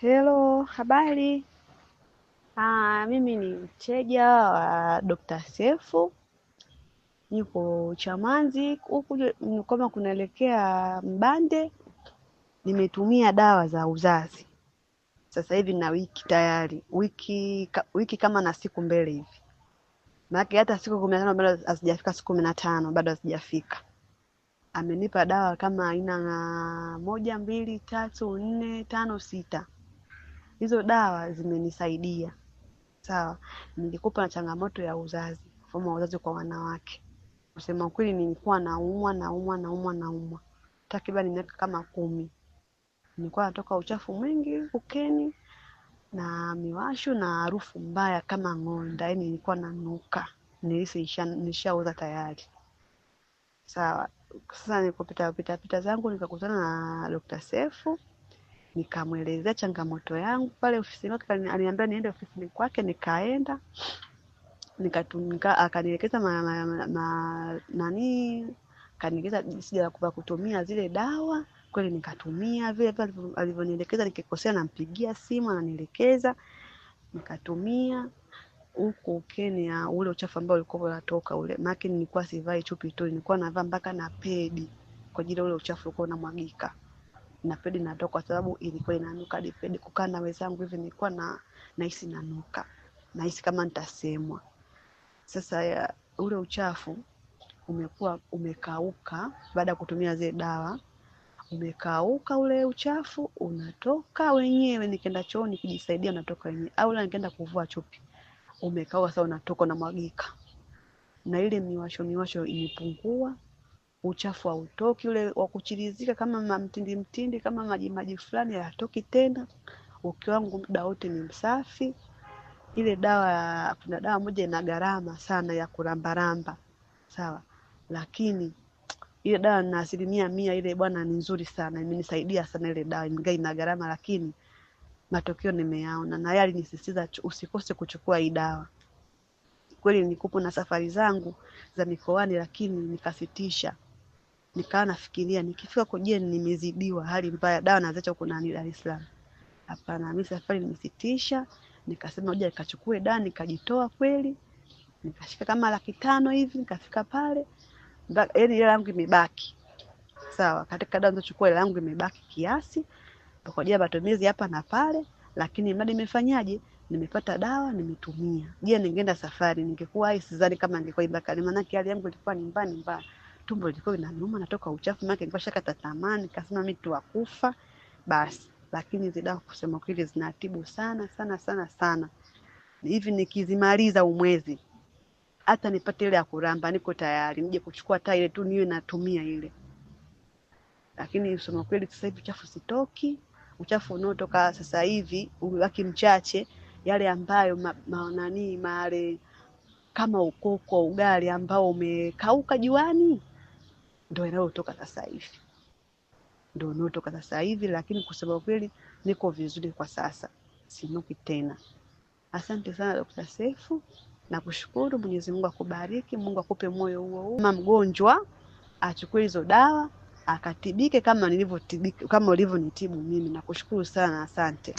Hello, habari. Ah, mimi ni mteja wa Dr. Sefu, Niko Chamanzi huku, kama kunaelekea Mbande. Nimetumia dawa za uzazi sasa hivi na wiki tayari, wiki wiki kama na siku mbele hivi, maana hata siku kumi bado hazijafika, siku kumi na tano bado hazijafika amenipa dawa kama aina moja, mbili, tatu, nne, tano, sita hizo dawa zimenisaidia. Sawa, nilikupa na changamoto ya uzazi, mfumo uzazi kwa wanawake. Kusema kweli, nilikuwa naumwa naumwa naumwa naumwa takriban miaka kama kumi. Nilikuwa natoka uchafu mwingi ukeni na miwasho na harufu mbaya kama ng'onda, yani nilikuwa nanuka, nilisi nishauza tayari. Sawa, sasa nikupita pita pita zangu nikakutana na dokta Sefu nikamwelezea changamoto yangu pale ofisini kwake, aliniambia niende ofisini kwake, nikaenda nikatumika, akanielekeza ma, ma, ma, nani akanielekeza jinsi ya kutumia zile dawa. Kweli nikatumia vile vile alivyonielekeza, nikikosea nampigia simu ananielekeza, nikatumia huku Kenya ule uchafu ambao ulikuwa unatoka ule, maana nilikuwa sivai chupi tu, nilikuwa navaa mpaka na pedi kwa ajili ya ule uchafu ulikuwa unamwagika na pedi natoka, kwa sababu ilikuwa inanuka hadi pedi. Kukaa na wenzangu hivi nilikuwa na nahisi nanuka, nahisi kama nitasemwa. Sasa ya, ule uchafu umekuwa umekauka baada ya kutumia zile dawa umekauka ule uchafu unatoka wenyewe. Nikienda choo nikijisaidia unatoka wenyewe, au la nikaenda kuvua chupi umekauka, sasa unatoka mwagika na ile miwasho miwasho imepungua, uchafu hautoki ule wa kuchirizika kama mtindi mtindi kama maji maji fulani hayatoki tena. Ukio wangu muda wote ni msafi. Ile dawa, kuna dawa moja ina gharama sana ya kurambaramba, sawa, lakini ile dawa na asilimia mia ile bwana ni nzuri sana, imenisaidia sana ile dawa, ingawa ina gharama, lakini matokeo nimeyaona, na yali alinisisitiza usikose kuchukua hii dawa. Kweli nikupo na safari zangu za mikoani, lakini nikasitisha nikawa nafikiria nikifika kujie nimezidiwa, hali mbaya, dawa naziacha huko nani Dar es Salaam. Hapana, mimi safari nimesitisha, nikasema ngoja nikachukue dawa, nikajitoa kweli, nikashika kama laki tano hivi, nikafika pale, yaani hela yangu imebaki sawa. Katika dawa nizochukua hela yangu imebaki kiasi kwa ajili ya matumizi hapa na pale, lakini mradi nimefanyaje? Nimepata dawa, nimetumia. Je, ningeenda safari ningekuwa hai? Sidhani kama ningekuwa, maana hali yangu ilikuwa ni mbaya mbaya tumbo lilikuwa linanuma, natoka uchafu make nilikuwa tatamani kasema mimi tu wakufa basi. Lakini hizi dawa kusema kweli zinatibu sana sana sana sana, hivi nikizimaliza umwezi hata nipate ile ya kuramba, niko tayari nije kuchukua hata ile tu niwe natumia ile. Lakini usema kweli, sasa hivi uchafu sitoki. Uchafu unaotoka sasa hivi ubaki mchache, yale ambayo ma, maonani male kama ukoko ugali ambao umekauka juani ndo inayotoka sasa hivi, ndo inayotoka sasa hivi. Lakini kusema kweli niko vizuri kwa sasa, sinuki tena. Asante sana Dokta sefu nakushukuru. Mwenyezi Mungu akubariki, Mungu akupe moyo huo ma mgonjwa achukue hizo dawa akatibike kama nilivyotibika, kama ulivyonitibu mimi. Nakushukuru sana, asante.